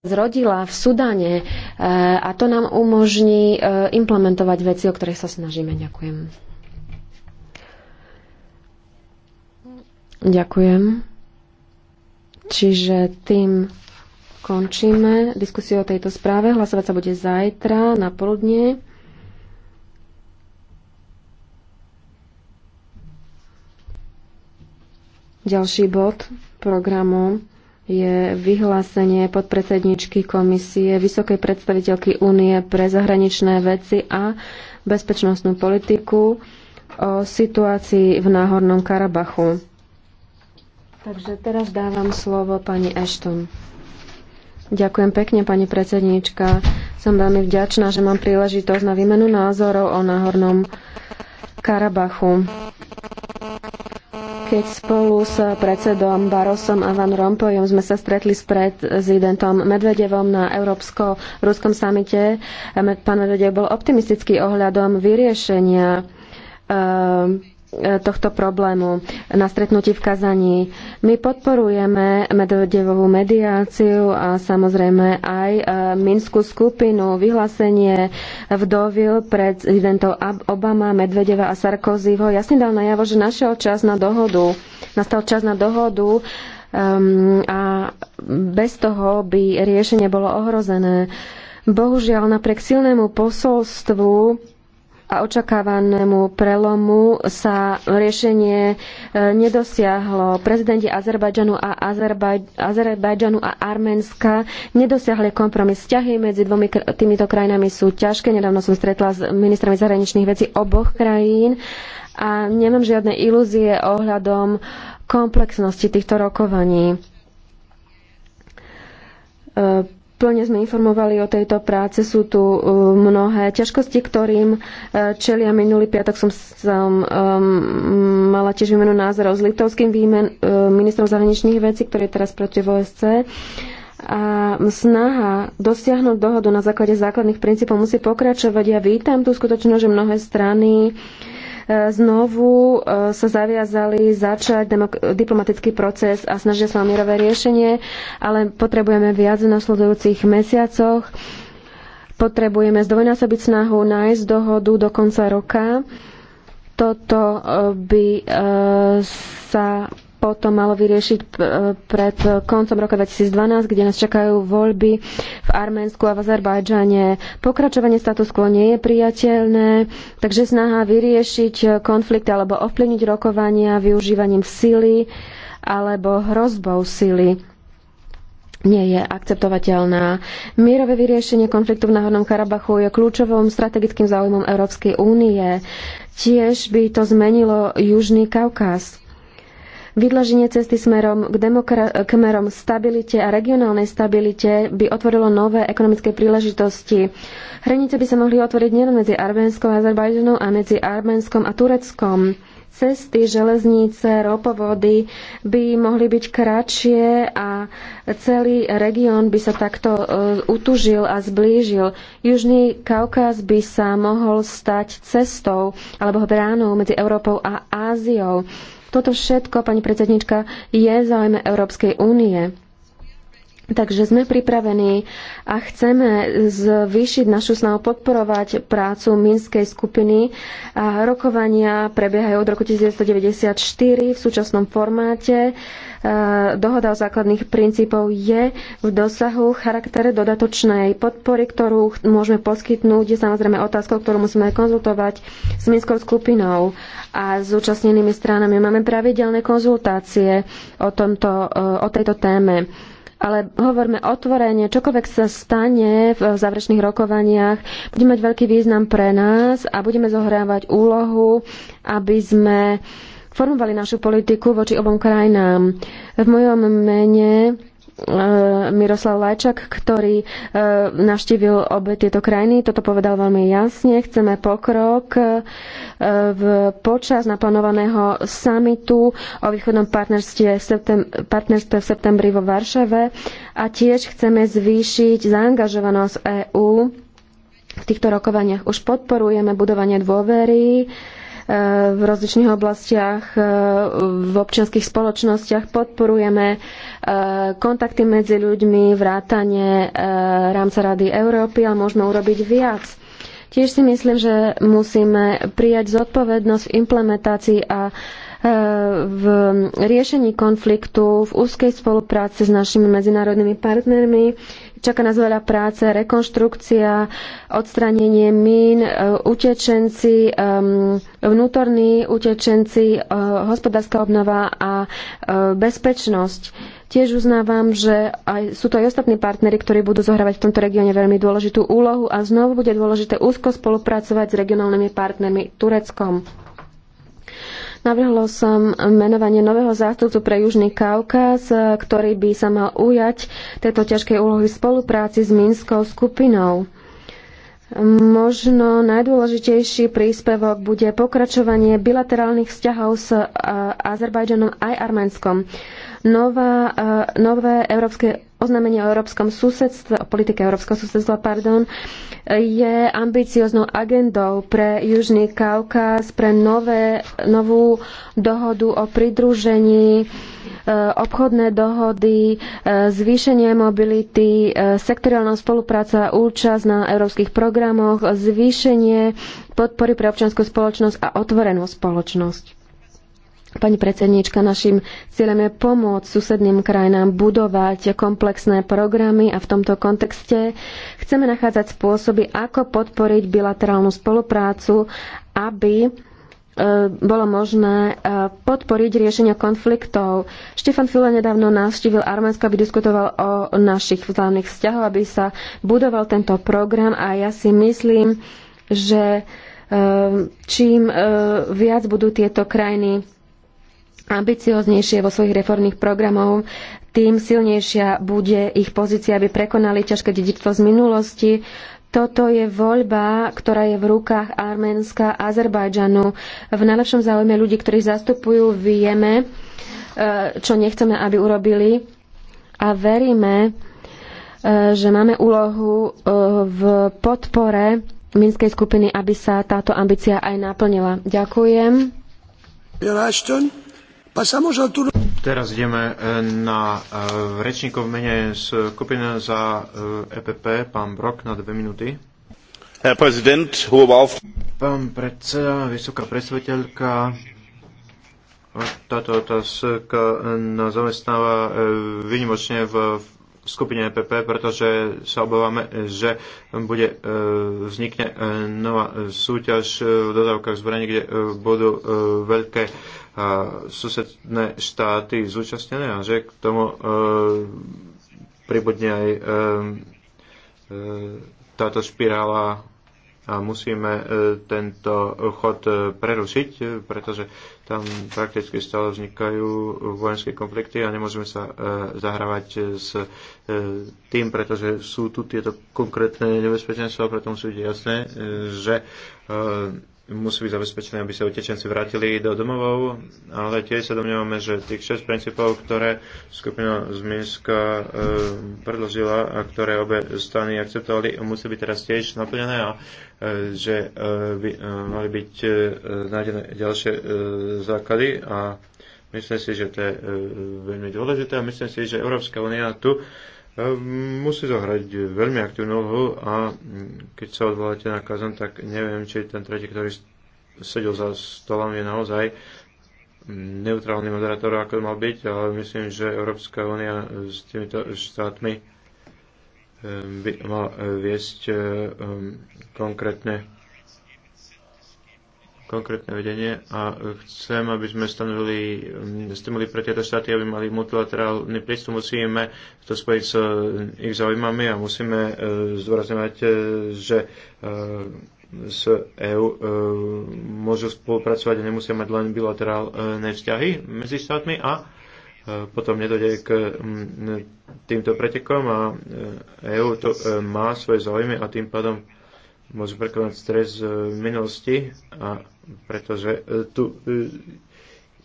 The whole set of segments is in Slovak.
zrodila v Sudane eh, a to nám umožní eh, implementovať veci, o ktorých sa snažíme. Ďakujem. Ďakujem. Čiže tým končíme diskusiu o tejto správe. Hlasovať sa bude zajtra na poludne. Ďalší bod programu je vyhlásenie podpredsedničky komisie Vysokej predstaviteľky únie pre zahraničné veci a bezpečnostnú politiku o situácii v Náhornom Karabachu. Takže teraz dávam slovo pani Ashton. Ďakujem pekne, pani predsedníčka. Som veľmi vďačná, že mám príležitosť na výmenu názorov o Náhornom Karabachu keď spolu s predsedom Barosom a Van Rompuyom sme sa stretli s prezidentom Medvedevom na európsko-ruskom samite. Eh, pán Medvedev bol optimistický ohľadom vyriešenia eh, E, tohto problému na stretnutí v Kazaní. My podporujeme Medvedevovú mediáciu a samozrejme aj e, Minskú skupinu, vyhlásenie vdovil prezidentov Obama, Medvedeva a Sarkozyho. Jasne dal najavo, že našiel čas na dohodu. Nastal čas na dohodu um, a bez toho by riešenie bolo ohrozené. Bohužiaľ, napriek silnému posolstvu a očakávanému prelomu sa riešenie e, nedosiahlo. Prezidenti Azerbajdžanu a, Azerbaj- Azerbajdžanu a Arménska nedosiahli kompromis. Vzťahy medzi dvomi týmito krajinami sú ťažké. Nedávno som stretla s ministrami zahraničných vecí oboch krajín a nemám žiadne ilúzie ohľadom komplexnosti týchto rokovaní e, Plne sme informovali o tejto práce, sú tu uh, mnohé ťažkosti, ktorým uh, čelia. Minulý piatok som, som um, mala tiež výmenu názorov s litovským výmen, uh, ministrom zahraničných vecí, ktorý je teraz proti OSC, A snaha dosiahnuť dohodu na základe základných princípov musí pokračovať. Ja vítam tú skutočnosť, že mnohé strany uh, znovu e, sa zaviazali začať diplomatický proces a snažia sa o mierové riešenie, ale potrebujeme viac v nasledujúcich mesiacoch. Potrebujeme zdvojnásobiť snahu nájsť dohodu do konca roka. Toto e, by e, sa potom malo vyriešiť e, pred koncom roka 2012, kde nás čakajú voľby v Arménsku a v Azerbajdžane. Pokračovanie status quo nie je priateľné, takže snaha vyriešiť konflikt alebo ovplyvniť rokovania využívaním sily alebo hrozbou sily nie je akceptovateľná. Mierové vyriešenie konfliktu v Náhodnom Karabachu je kľúčovým strategickým záujmom Európskej únie. Tiež by to zmenilo Južný Kaukaz. Vydlaženie cesty smerom k, demokra- k merom stabilite a regionálnej stabilite by otvorilo nové ekonomické príležitosti. Hranice by sa mohli otvoriť nielen medzi Arménskom a Azerbajdžanom a medzi Arménskom a Tureckom. Cesty, železnice, ropovody by mohli byť kratšie a celý región by sa takto uh, utužil a zblížil. Južný Kaukaz by sa mohol stať cestou alebo bránou medzi Európou a Áziou. Toto všetko, pani predsednička, je záujme Európskej únie. Takže sme pripravení a chceme zvýšiť našu snahu podporovať prácu Minskej skupiny. A rokovania prebiehajú od roku 1994 v súčasnom formáte. Dohoda o základných princípov je v dosahu charaktere dodatočnej podpory, ktorú môžeme poskytnúť. Je samozrejme otázkou, ktorú musíme konzultovať s Minskou skupinou a s účastnenými stranami. Máme pravidelné konzultácie o, tomto, o tejto téme ale hovorme otvorene, čokoľvek sa stane v záverečných rokovaniach, bude mať veľký význam pre nás a budeme zohrávať úlohu, aby sme formovali našu politiku voči obom krajinám. V mojom mene Eh, Miroslav Lajčak, ktorý eh, navštívil obe tieto krajiny. Toto povedal veľmi jasne. Chceme pokrok eh, v počas naplánovaného samitu o východnom partnerstve, partnerstve v septembri vo Varšave a tiež chceme zvýšiť zaangažovanosť EÚ v týchto rokovaniach. Už podporujeme budovanie dôvery E, v rozličných oblastiach, e, v občianských spoločnostiach. Podporujeme e, kontakty medzi ľuďmi, vrátanie rámca Rady Európy a môžeme urobiť viac. Tiež si myslím, že musíme prijať zodpovednosť v implementácii a v riešení konfliktu v úzkej spolupráci s našimi medzinárodnými partnermi. Čaká nás veľa práce, rekonštrukcia, odstranenie mín, e, utečenci, vnútorní utečenci, e, hospodárska obnova a e, bezpečnosť. Tiež uznávam, že aj, sú to aj ostatní partnery, ktorí budú zohrávať v tomto regióne veľmi dôležitú úlohu a znovu bude dôležité úzko spolupracovať s regionálnymi partnermi Tureckom. Navrhlo som menovanie nového zástupcu pre Južný Kaukaz, e, ktorý by sa mal ujať tejto ťažkej úlohy v spolupráci s Minskou skupinou. Možno najdôležitejší príspevok bude pokračovanie bilaterálnych vzťahov s e, Azerbajdžanom aj Arménskom. Nová, e, nové európske oznámenie o európskom susedstve, o politike európskeho susedstva, pardon, je ambicioznou agendou pre Južný Kaukaz, pre nové, novú dohodu o pridružení, eh, obchodné dohody, eh, zvýšenie mobility, eh, sektoriálna spolupráca, účasť na európskych programoch, zvýšenie podpory pre občianskú spoločnosť a otvorenú spoločnosť. Pani predsedníčka, našim cieľom je pomôcť susedným krajinám budovať komplexné programy a v tomto kontexte chceme nachádzať spôsoby, ako podporiť bilaterálnu spoluprácu, aby e, bolo možné e, podporiť riešenie konfliktov. Štefan Fila nedávno navštívil Arménsko, aby diskutoval o našich vzájomných vzťahoch, aby sa budoval tento program a ja si myslím, že e, čím viac budú tieto krajiny ambicioznejšie vo svojich reformných programov, tým silnejšia bude ich pozícia, aby prekonali ťažké dedičstvo z minulosti. Toto je voľba, ktorá je v rukách Arménska, Azerbajdžanu. V najlepšom záujme ľudí, ktorí zastupujú, vieme, e, čo nechceme, aby urobili a veríme, e, že máme úlohu e, v podpore Minskej skupiny, aby sa táto ambícia aj naplnila. Ďakujem. Teraz ideme e, na e, rečníkov v z skupiny za EPP, e pán Brok, na dve minúty. Pán predseda, vysoká predstaviteľka, táto otázka nás zamestnáva vynimočne v skupine EPP, pretože sa obávame, že bude, vznikne nová súťaž v dodávkach zbraní, kde budú veľké susedné štáty zúčastnené a že k tomu e, pribudne aj e, e, táto špirála a musíme tento chod prerušiť, pretože tam prakticky stále vznikajú vojenské konflikty a nemôžeme sa zahrávať s tým, pretože sú tu tieto konkrétne nebezpečenstva, preto musí byť jasné, že musí byť zabezpečené, aby sa utečenci vrátili do domovov, ale tiež sa domnievame, že tých 6 princípov, ktoré skupina z Minska e, predložila a ktoré obe strany akceptovali, musí byť teraz tiež naplnené a e, že e, by, e, mali byť e, nájdené ďalšie e, základy a myslím si, že to je e, veľmi dôležité a myslím si, že Európska únia tu e, musí zohrať veľmi aktívnu úlohu a keď sa odvoláte na Kazan, tak neviem, či ten tretí, ktorý sedel za stolom, je naozaj neutrálny moderátor, ako mal byť, ale myslím, že Európska únia s týmito štátmi ehm, by mala viesť ehm, konkrétne konkrétne vedenie a chcem, aby sme stanovili mm, stimuli pre tieto štáty, aby mali multilaterálny prístup. Musíme to spojiť s eh, ich zaujímami a musíme eh, zdôrazňovať, eh, že s EÚ môžu spolupracovať a nemusia mať len bilaterálne vzťahy medzi štátmi a potom nedojde k mm, týmto pretekom a EU e to má svoje záujmy a tým pádom môžu prekonať stres z minulosti a pretože e, tu e,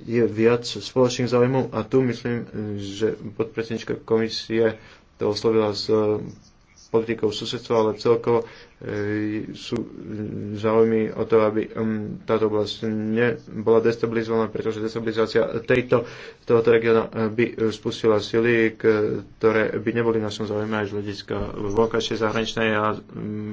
je viac spoločných záujmov a tu myslím, e, že podpredsednička komisie to oslovila s politikou susedstva, ale celkovo e, sú záujmy o to, aby um, táto oblasť nebola destabilizovaná, pretože destabilizácia tejto, tohoto regióna e, by e, spustila sily, ktoré by neboli v našom záujme aj z hľadiska vonkajšej zahraničnej a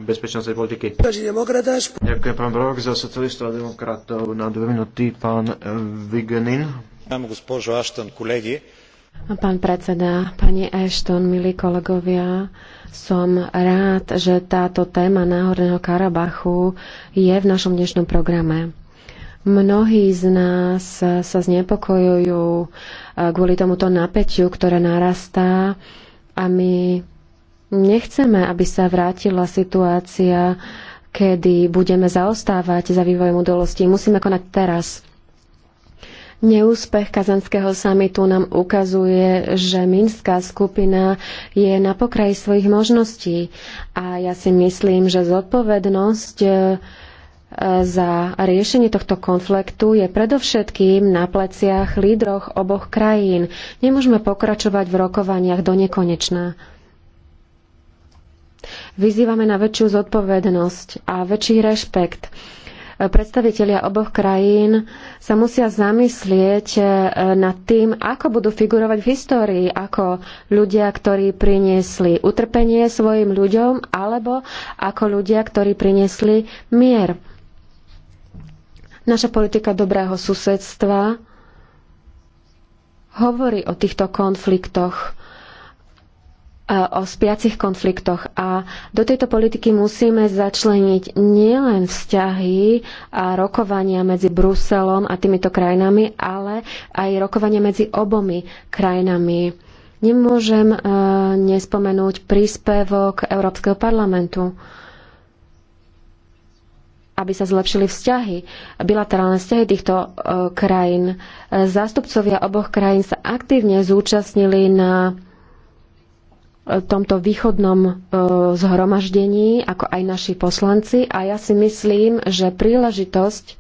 bezpečnostnej politiky. Ďakujem pán Brok za socialistov a demokratov. Na dve minúty pán Vigenin. Госпожо Аштън, колеги, Pán predseda, pani Ashton, milí kolegovia, som rád, že táto téma Náhorného Karabachu je v našom dnešnom programe. Mnohí z nás sa znepokojujú eh, kvôli tomuto napätiu, ktoré narastá a my nechceme, aby sa vrátila situácia, kedy budeme zaostávať za vývojom udolostí. Musíme konať teraz. Neúspech kazanského samitu nám ukazuje, že Minská skupina je na pokraji svojich možností a ja si myslím, že zodpovednosť e, za riešenie tohto konfliktu je predovšetkým na pleciach lídroch oboch krajín. Nemôžeme pokračovať v rokovaniach do nekonečná. Vyzývame na väčšiu zodpovednosť a väčší rešpekt predstavitelia oboch krajín sa musia zamyslieť e, nad tým, ako budú figurovať v histórii, ako ľudia, ktorí priniesli utrpenie svojim ľuďom, alebo ako ľudia, ktorí priniesli mier. Naša politika dobrého susedstva hovorí o týchto konfliktoch o spiacich konfliktoch. A do tejto politiky musíme začleniť nielen vzťahy a rokovania medzi Bruselom a týmito krajinami, ale aj rokovania medzi obomi krajinami. Nemôžem e, nespomenúť príspevok Európskeho parlamentu aby sa zlepšili vzťahy, bilaterálne vzťahy týchto e, krajín. E, zástupcovia oboch krajín sa aktívne zúčastnili na tomto východnom e, zhromaždení, ako aj naši poslanci. A ja si myslím, že príležitosť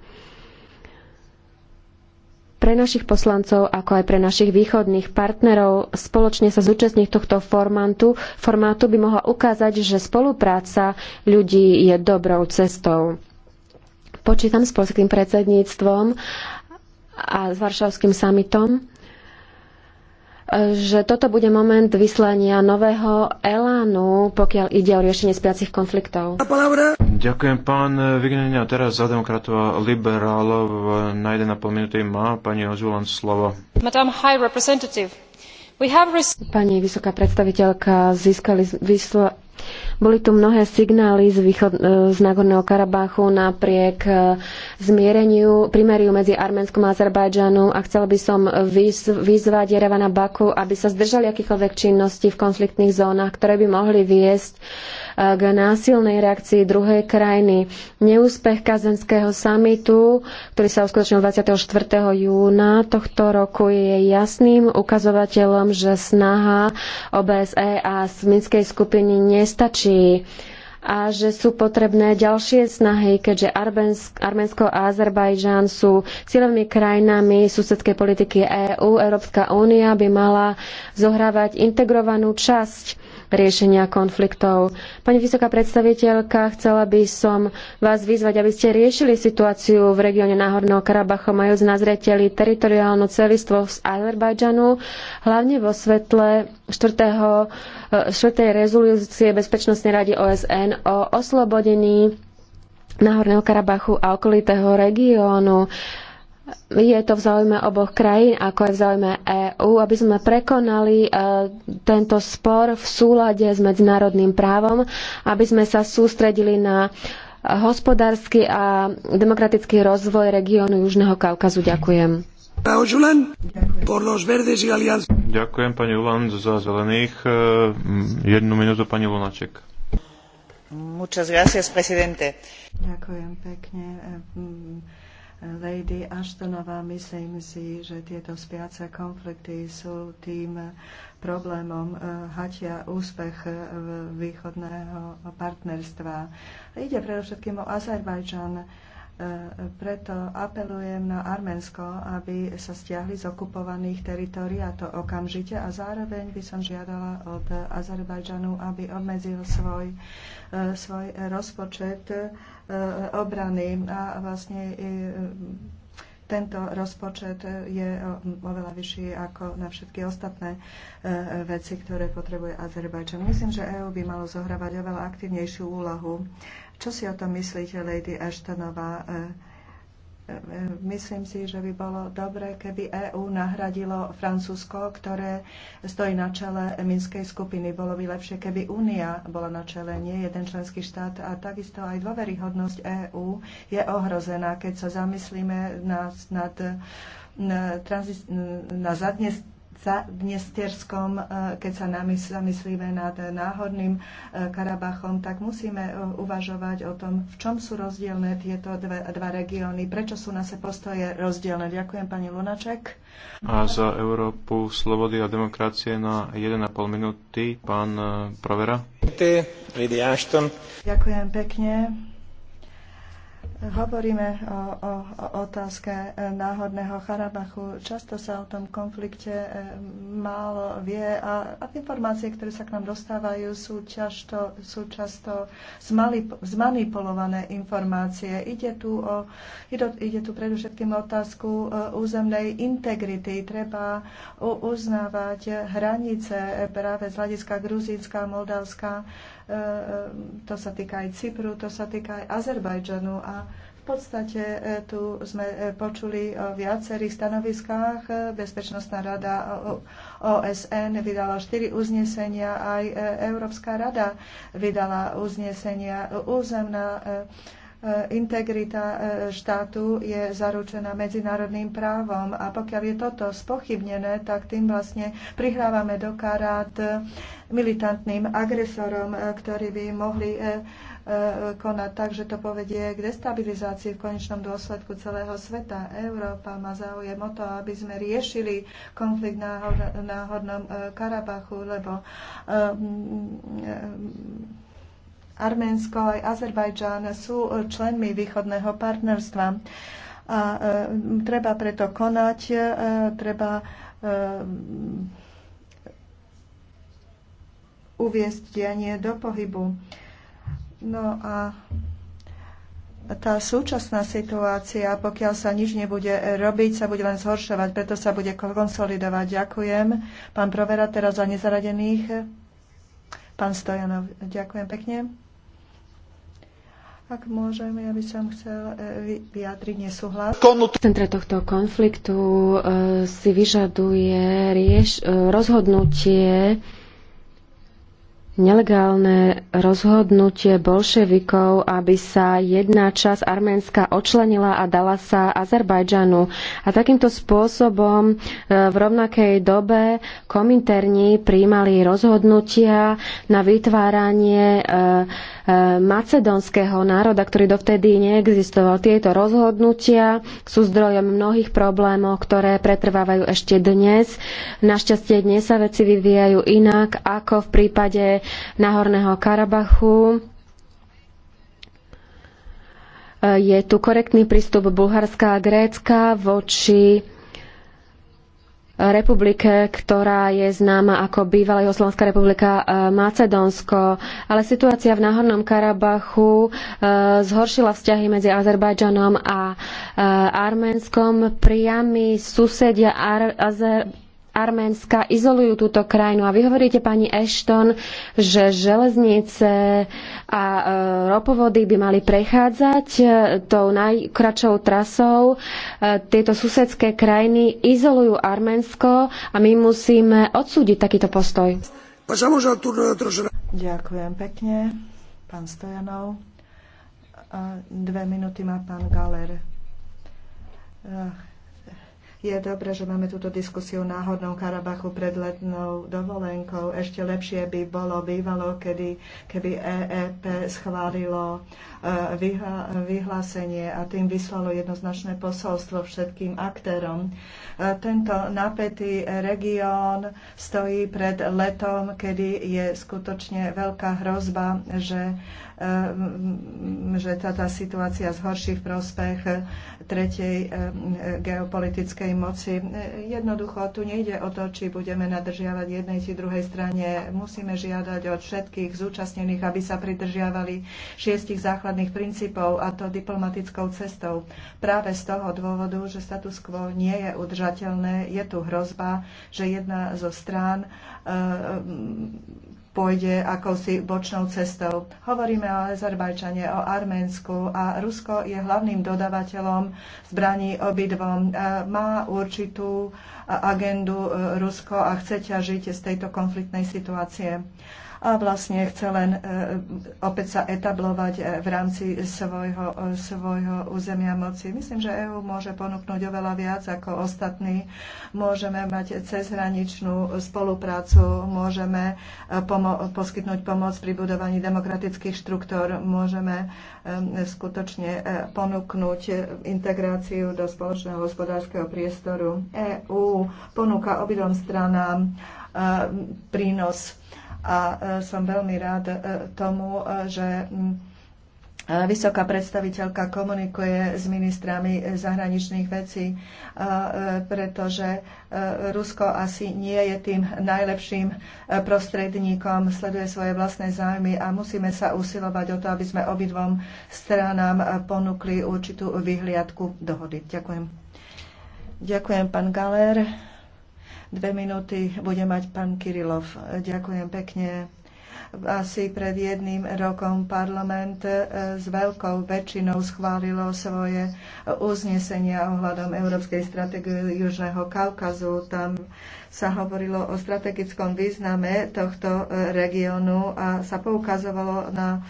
pre našich poslancov, ako aj pre našich východných partnerov spoločne sa zúčastniť tohto formátu, formátu by mohla ukázať, že spolupráca ľudí je dobrou cestou. Počítam s polským predsedníctvom a s Varšavským samitom že toto bude moment vyslania nového elánu, pokiaľ ide o riešenie spiacich konfliktov. Ďakujem, pán Vignenia. Teraz za demokratov a liberálov na 1,5 minúty má pani Ozulan slovo. Madame High Representative, Pani vysoká predstaviteľka, získali vyslo... Boli tu mnohé signály z, východ, e, z Nagorného Karabáchu napriek e, zmiereniu, primeriu medzi Arménskom a Azerbajdžanom a chcela by som vyzvať Jerevana Baku, aby sa zdržali akýchkoľvek činností v konfliktných zónach, ktoré by mohli viesť Eh, k násilnej reakcii druhej krajiny. Neúspech kazenského samitu, ktorý sa uskutočnil 24. júna tohto roku, je jasným ukazovateľom, že snaha OBSE a Minskej skupiny nestačí a že sú potrebné ďalšie snahy, keďže Arménsko a Azerbajdžan sú cieľovými krajinami susedskej politiky EÚ. Európska únia by mala zohrávať integrovanú časť riešenia konfliktov. Pani vysoká predstaviteľka, chcela by som vás vyzvať, aby ste riešili situáciu v regióne Náhorného Karabachu, majúc na zreteli teritoriálnu celistvo z Azerbajdžanu, hlavne vo svetle 4. 4. Eh, rezolúcie Bezpečnostnej rady OSN o oslobodení Náhorného Karabachu a okolitého regiónu je to v záujme oboch krajín, ako aj v záujme EÚ, aby sme prekonali e, tento spor v súlade s medzinárodným právom, aby sme sa sústredili na e, hospodársky a demokratický rozvoj regiónu Južného Kaukazu. Ďakujem. Ďakujem pani Ulan za zelených. E, jednu minútu pani Lunaček. Muchas gracias, presidente. Ďakujem pekne Lady Ashtonová, myslím si, že tieto spiace konflikty sú tým problémom eh, hatia úspech eh, východného partnerstva. Ide predovšetkým o Azerbajčan E, preto apelujem na Arménsko, aby sa stiahli z okupovaných teritórií a to okamžite a zároveň by som žiadala od Azerbajdžanu, aby obmedzil svoj, e, svoj rozpočet e, obrany a vlastne tento rozpočet je oveľa vyšší ako na všetky ostatné veci, ktoré potrebuje Azerbajdžan. Myslím, že EÚ by malo zohrávať oveľa aktívnejšiu úlohu. Čo si o tom myslíte, Lady Ashtonová? E, e, e, myslím si, že by bolo dobré, keby EÚ nahradilo Francúzsko, ktoré stojí na čele Minskej skupiny. Bolo by lepšie, keby Únia bola na čele, nie jeden členský štát. A takisto aj dôveryhodnosť EÚ je ohrozená, keď sa zamyslíme nad, nad na, na, na, na za Nesterskom, e, keď sa nami zamyslíme nad náhodným e, Karabachom, tak musíme e, uvažovať o tom, v čom sú rozdielne tieto dve, dva regióny, prečo sú naše postoje rozdielne. Ďakujem pani Lunaček. A za Európu slobody a demokracie na 1,5 minúty pán Provera. Ďakujem pekne. Hovoríme o, o, o otázke e, náhodného Karabachu. Často sa o tom konflikte e, málo vie a, a informácie, ktoré sa k nám dostávajú, sú často, sú často zmanipulované informácie. Ide tu, o, ide, ide tu predovšetkým otázku e, územnej integrity. Treba uznávať hranice práve z hľadiska Gruzínska, Moldavska E, e, to sa týka aj Cypru, to sa týka aj Azerbajdžanu a v podstate e, tu sme počuli o viacerých stanoviskách. Bezpečnostná rada OSN vydala štyri uznesenia, aj Európska rada vydala uznesenia. Územná E, integrita e, štátu je zaručená medzinárodným právom a pokiaľ je toto spochybnené, tak tým vlastne prihrávame do karát militantným agresorom, e, ktorí by mohli konať tak, že to povedie k destabilizácii v konečnom dôsledku celého sveta. Európa má záujem o to, aby sme riešili konflikt na náhodnom Karabachu, lebo Arménsko aj Azerbajdžán sú členmi východného partnerstva. A e, treba preto konať, e, treba e, uviesť dianie do pohybu. No a tá súčasná situácia, pokiaľ sa nič nebude robiť, sa bude len zhoršovať, preto sa bude konsolidovať. Ďakujem. Pán Provera teraz za nezaradených. Pán Stojanov, ďakujem pekne. Ak môžem, ja by som chcel e, vyjadriť nesúhlas. V centre tohto konfliktu e, si vyžaduje rieš, e, rozhodnutie nelegálne rozhodnutie bolševikov, aby sa jedna časť Arménska očlenila a dala sa Azerbajdžanu. A takýmto spôsobom e, v rovnakej dobe kominterní príjmali rozhodnutia na vytváranie e, e, macedónskeho národa, ktorý dovtedy neexistoval. Tieto rozhodnutia sú zdrojom mnohých problémov, ktoré pretrvávajú ešte dnes. Našťastie dnes sa veci vyvíjajú inak ako v prípade Nahorného Karabachu. E, je tu korektný prístup Bulharska a Grécka voči republike, ktorá je známa ako bývalá Juhoslovanská republika e, Macedónsko. Ale situácia v Náhornom Karabachu e, zhoršila vzťahy medzi Azerbajdžanom a Arménskom. Priami susedia Ar- Azer- Arménska izolujú túto krajinu. A vy hovoríte, pani Ashton, že železnice a e, ropovody by mali prechádzať e, tou najkračou trasou. E, tieto susedské krajiny izolujú Arménsko a my musíme odsúdiť takýto postoj. Ďakujem pekne, pán Stojanov. Dve minúty má pán Galer. Ach. Je dobré, že máme túto diskusiu o náhodnom Karabachu pred letnou dovolenkou. Ešte lepšie by bolo bývalo, kedy, keby EEP schválilo e, vyhlásenie a tým vyslalo jednoznačné posolstvo všetkým aktérom. E, tento napätý región stojí pred letom, kedy je skutočne veľká hrozba, že e, že tá, tá situácia zhorší v prospech tretej geopolitickej pri moci. Jednoducho tu nejde o to, či budeme nadržiavať jednej či druhej strane. Musíme žiadať od všetkých zúčastnených, aby sa pridržiavali šiestich základných princípov a to diplomatickou cestou. Práve z toho dôvodu, že status quo nie je udržateľné, je tu hrozba, že jedna zo strán eh, pôjde akousi bočnou cestou. Hovoríme o Azerbajčane, o Arménsku a Rusko je hlavným dodávateľom zbraní obidvom. E, má určitú e, agendu e, Rusko a chce ťažiť z tejto konfliktnej situácie a vlastne chce len e, opäť sa etablovať e, v rámci svojho, e, svojho územia moci. Myslím, že EÚ môže ponúknuť oveľa viac ako ostatní. Môžeme mať cezhraničnú spoluprácu, môžeme pomo- poskytnúť pomoc pri budovaní demokratických štruktúr, môžeme skutočne ponúknuť integráciu do spoločného hospodárskeho priestoru. EÚ ponúka obidom stranám prínos a e, som veľmi rád e, tomu, e, že Vysoká predstaviteľka komunikuje s ministrami zahraničných vecí, pretože Rusko asi nie je tým najlepším prostredníkom, sleduje svoje vlastné zájmy a musíme sa usilovať o to, aby sme obidvom stranám ponúkli určitú vyhliadku dohody. Ďakujem. Ďakujem, pán Galer. Dve minúty bude mať pán Kirilov. Ďakujem pekne. Asi pred jedným rokom parlament e, s veľkou väčšinou schválilo svoje uznesenia ohľadom Európskej stratégie Južného Kaukazu. Tam sa hovorilo o strategickom význame tohto e, regiónu a sa poukazovalo na e,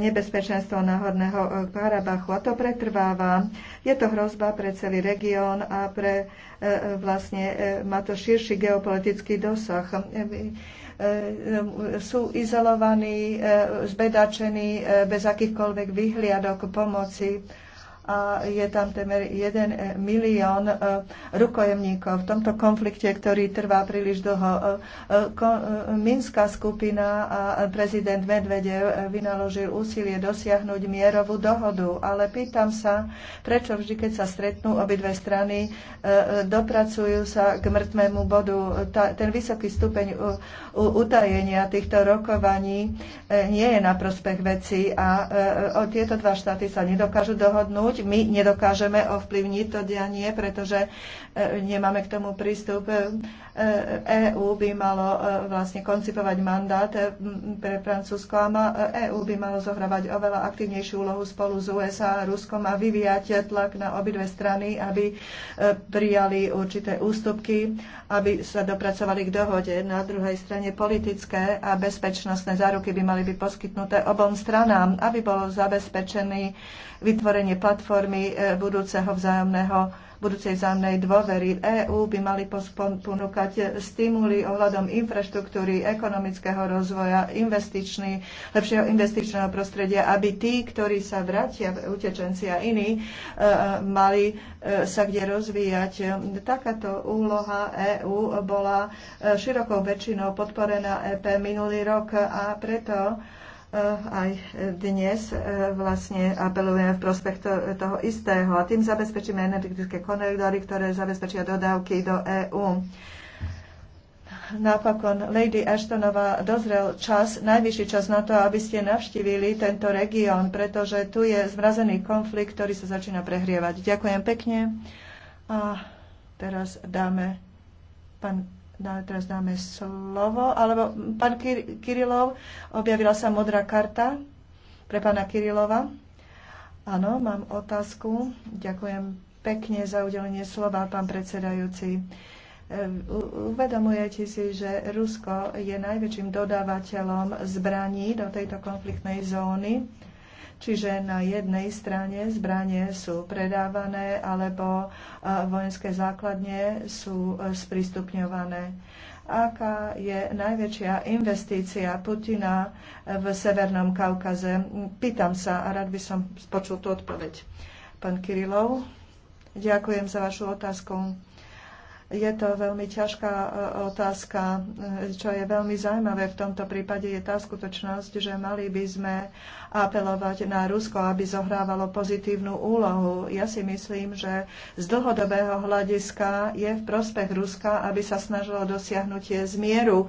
nebezpečenstvo Náhorného Karabachu. A to pretrváva. Je to hrozba pre celý región a pre vlastne má to širší geopolitický dosah. E, sú izolovaní, e, zbedačení e, bez akýchkoľvek vyhliadok pomoci a je tam temer 1 eh, milión eh, rukojemníkov v tomto konflikte, ktorý trvá príliš dlho. Eh, Minská skupina a prezident Medvedev vynaložil úsilie dosiahnuť mierovú dohodu, ale pýtam sa, prečo vždy, keď sa stretnú obidve strany, dopracujú sa k mŕtvemu bodu. Ten vysoký stupeň utajenia týchto rokovaní nie je na prospech veci a tieto dva štáty sa nedokážu dohodnúť buď My nedokážeme ovplyvniť to dianie, pretože e, nemáme k tomu prístup. EÚ e, e by malo vlastne koncipovať mandát pre Francúzsko a EÚ by malo zohrávať oveľa aktívnejšiu úlohu spolu s USA a Ruskom a vyvíjať tlak na obidve strany, aby prijali určité ústupky, aby sa dopracovali k dohode. Na druhej strane politické a bezpečnostné záruky by mali byť poskytnuté obom stranám, aby bolo zabezpečené vytvorenie platformy platformy e, budúceho vzájomného budúcej vzájomnej dôvery. EÚ by mali ponúkať stimuly ohľadom infraštruktúry, ekonomického rozvoja, investičný, lepšieho investičného prostredia, aby tí, ktorí sa vrátia, utečenci a iní, e, mali e, sa kde rozvíjať. Takáto úloha EÚ bola širokou väčšinou podporená EP minulý rok a preto Eh, aj dnes eh, vlastne apelujeme v prospech toho istého a tým zabezpečíme energetické konektory, ktoré zabezpečia dodávky do EÚ. Napokon Lady Ashtonová dozrel čas, najvyšší čas na to, aby ste navštívili tento región, pretože tu je zmrazený konflikt, ktorý sa začína prehrievať. Ďakujem pekne a teraz dáme pán dá, no, teraz dáme slovo, alebo pán Kir- Kirilov, objavila sa modrá karta pre pána Kirilova. Áno, mám otázku. Ďakujem pekne za udelenie slova, pán predsedajúci. E, uvedomujete si, že Rusko je najväčším dodávateľom zbraní do tejto konfliktnej zóny Čiže na jednej strane zbranie sú predávané alebo e, vojenské základne sú e, sprístupňované aká je najväčšia investícia Putina e, v Severnom Kaukaze? Pýtam sa a rád by som počul tú odpoveď. Pán Kirilov, ďakujem za vašu otázku. Je to veľmi ťažká otázka. Čo je veľmi zaujímavé v tomto prípade je tá skutočnosť, že mali by sme apelovať na Rusko, aby zohrávalo pozitívnu úlohu. Ja si myslím, že z dlhodobého hľadiska je v prospech Ruska, aby sa snažilo dosiahnutie zmieru e,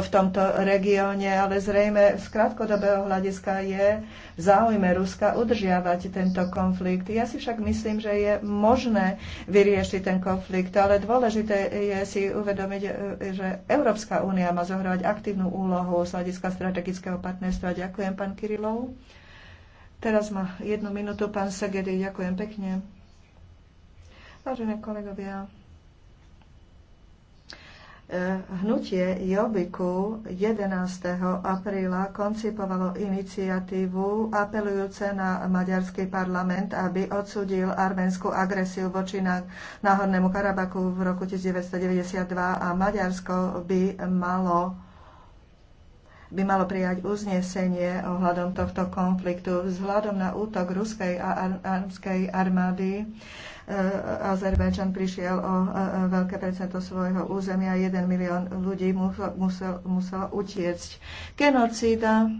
v tomto regióne, ale zrejme z krátkodobého hľadiska je v záujme Ruska udržiavať tento konflikt. Ja si však myslím, že je možné vyriešiť ten konflikt, ale dôležité je si uvedomiť, e, že Európska únia má zohrávať aktívnu úlohu z hľadiska strategického partnerstva. Ďakujem, pán Kirilov. Teraz má jednu minútu pán Segedy. Ďakujem pekne. Vážené kolegovia, e, hnutie Jobiku 11. apríla koncipovalo iniciatívu apelujúce na maďarský parlament, aby odsudil arménskú agresiu voči náhornému Karabaku v roku 1992 a Maďarsko by malo by malo prijať uznesenie ohľadom tohto konfliktu. Vzhľadom na útok ruskej a armskej armády e, Azerbajdžan prišiel o e, e, veľké percento svojho územia, 1 milión ľudí musel, musel, muselo utiecť. Genocída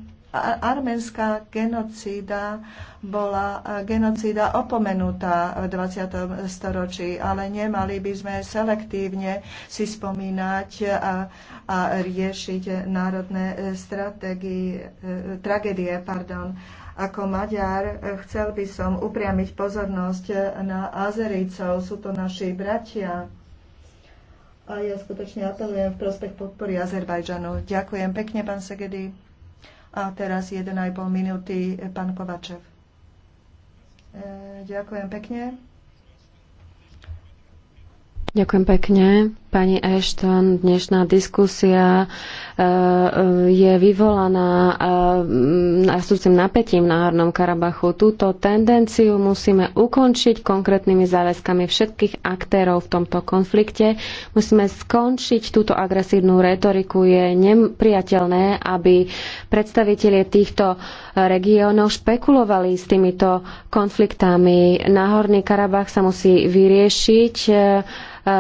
arménska genocída bola genocída opomenutá v 20. storočí, ale nemali by sme selektívne si spomínať a, a riešiť národné e, tragédie. Pardon. Ako Maďar chcel by som upriamiť pozornosť na Azericov. Sú to naši bratia. A ja skutočne apelujem v prospech podpory Azerbajdžanu. Ďakujem pekne, pán Segedy. A teraz 1,5 minúty, pán Kovačev. E, ďakujem pekne. Ďakujem pekne. Pani Ashton, dnešná diskusia e, e, je vyvolaná rastúcim e, napätím v Náhornom Karabachu. Túto tendenciu musíme ukončiť konkrétnymi záväzkami všetkých aktérov v tomto konflikte. Musíme skončiť túto agresívnu retoriku. Je nepriateľné, aby predstavitelie týchto regiónov špekulovali s týmito konfliktami. Náhorný Karabach sa musí vyriešiť Eh,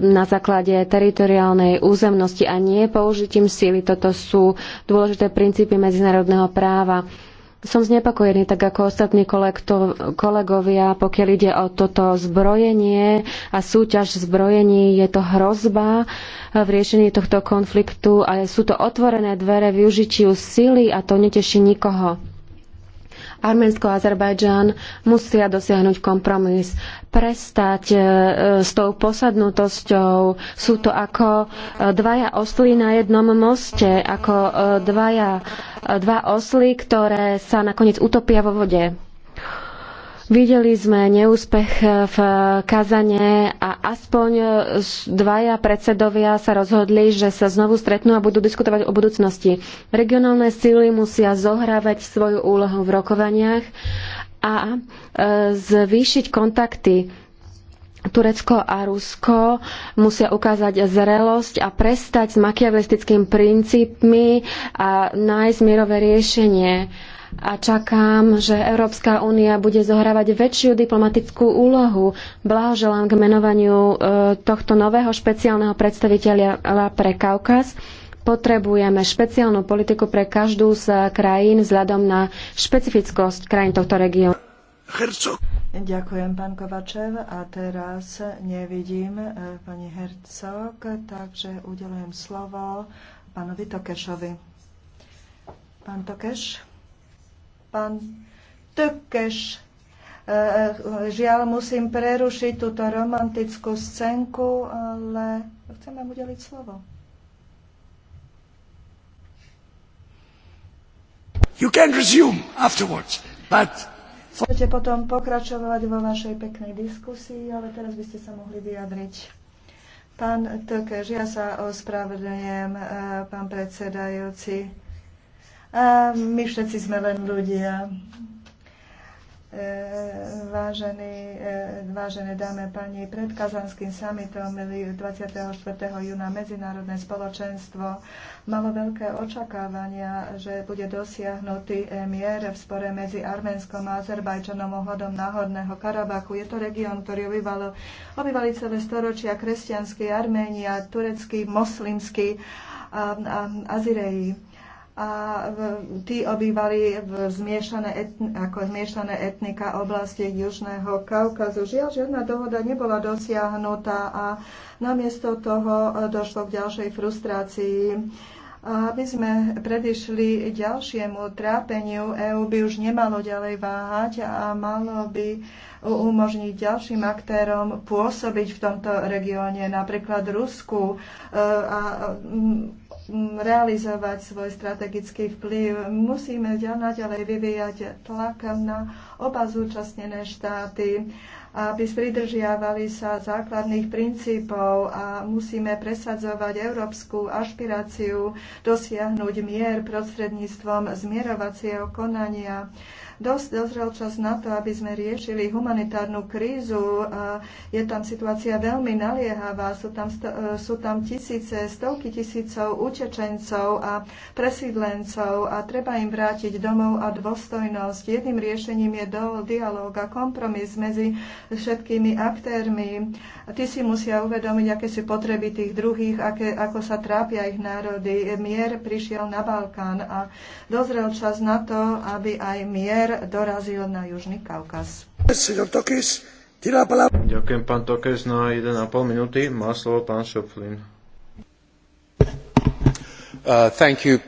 na základe teritoriálnej územnosti a nie použitím síly. Toto sú dôležité princípy medzinárodného práva. Som znepokojený, tak ako ostatní kolegovia, pokiaľ ide o toto zbrojenie a súťaž zbrojení, je to hrozba v riešení tohto konfliktu a sú to otvorené dvere využitiu sily a to neteší nikoho. Arménsko a Azerbajdžan musia dosiahnuť kompromis, prestať e, s tou posadnutosťou. Sú to ako e, dvaja oslí na jednom moste, ako e, dvaja, dva oslí, ktoré sa nakoniec utopia vo vode. Videli sme neúspech v Kazane a aspoň dvaja predsedovia sa rozhodli, že sa znovu stretnú a budú diskutovať o budúcnosti. Regionálne síly musia zohrávať svoju úlohu v rokovaniach a e, zvýšiť kontakty Turecko a Rusko musia ukázať zrelosť a prestať s makiavelistickými princípmi a nájsť mierové riešenie a čakám, že Európska únia bude zohrávať väčšiu diplomatickú úlohu. Blahoželám k menovaniu e, tohto nového špeciálneho predstaviteľa pre Kaukaz. Potrebujeme špeciálnu politiku pre každú z krajín vzhľadom na špecifickosť krajín tohto regiónu. Ďakujem, pán Kovačev. A teraz nevidím e, pani Hercog, takže udelujem slovo pánovi Tokešovi. Pán Tokeš. Pán Tökeš, e, e, žiaľ musím prerušiť túto romantickú scénku, ale chcem vám udeliť slovo. You can resume afterwards, but... Chcete potom pokračovať vo vašej peknej diskusii, ale teraz by ste sa mohli vyjadriť. Pán Tökeš, ja sa ospravedlňujem, e, pán predsedajúci. A my všetci sme len ľudia. E, Vážený, e, vážené dáme pani, pred kazanským summitom 24. júna medzinárodné spoločenstvo malo veľké očakávania, že bude dosiahnutý mier v spore medzi Arménskom a Azerbajčanom ohľadom náhodného Karabachu. Je to región, ktorý obyvalo, obyvali celé storočia kresťanskí Arménia, tureckí, moslimskí a, a Azireji a tí obývali v zmiešané etni- ako zmiešané etnika oblasti Južného Kaukazu. Žiaľ, žiadna dohoda nebola dosiahnutá a namiesto toho došlo k ďalšej frustrácii. A aby sme predišli ďalšiemu trápeniu, EÚ by už nemalo ďalej váhať a malo by umožniť ďalším aktérom pôsobiť v tomto regióne, napríklad Rusku. E, a realizovať svoj strategický vplyv. Musíme naďalej vyvíjať tlak na oba zúčastnené štáty, aby spridržiavali sa základných princípov a musíme presadzovať európsku ašpiráciu dosiahnuť mier prostredníctvom zmierovacieho konania dosť dozrel čas na to, aby sme riešili humanitárnu krízu. Je tam situácia veľmi naliehavá, sú tam, e, sú tam tisíce, stovky tisícov utečencov a presídlencov a treba im vrátiť domov a dôstojnosť. Jedným riešením je dialog a kompromis medzi všetkými aktérmi. Tí si musia uvedomiť, aké sú potreby tých druhých, aké, ako sa trápia ich národy. Mier prišiel na Balkán a dozrel čas na to, aby aj mier mier dorazil na Južný Kaukaz. Ďakujem, pán Tokes, na 1,5 minúty. Má slovo pán Šoflin. Uh, you,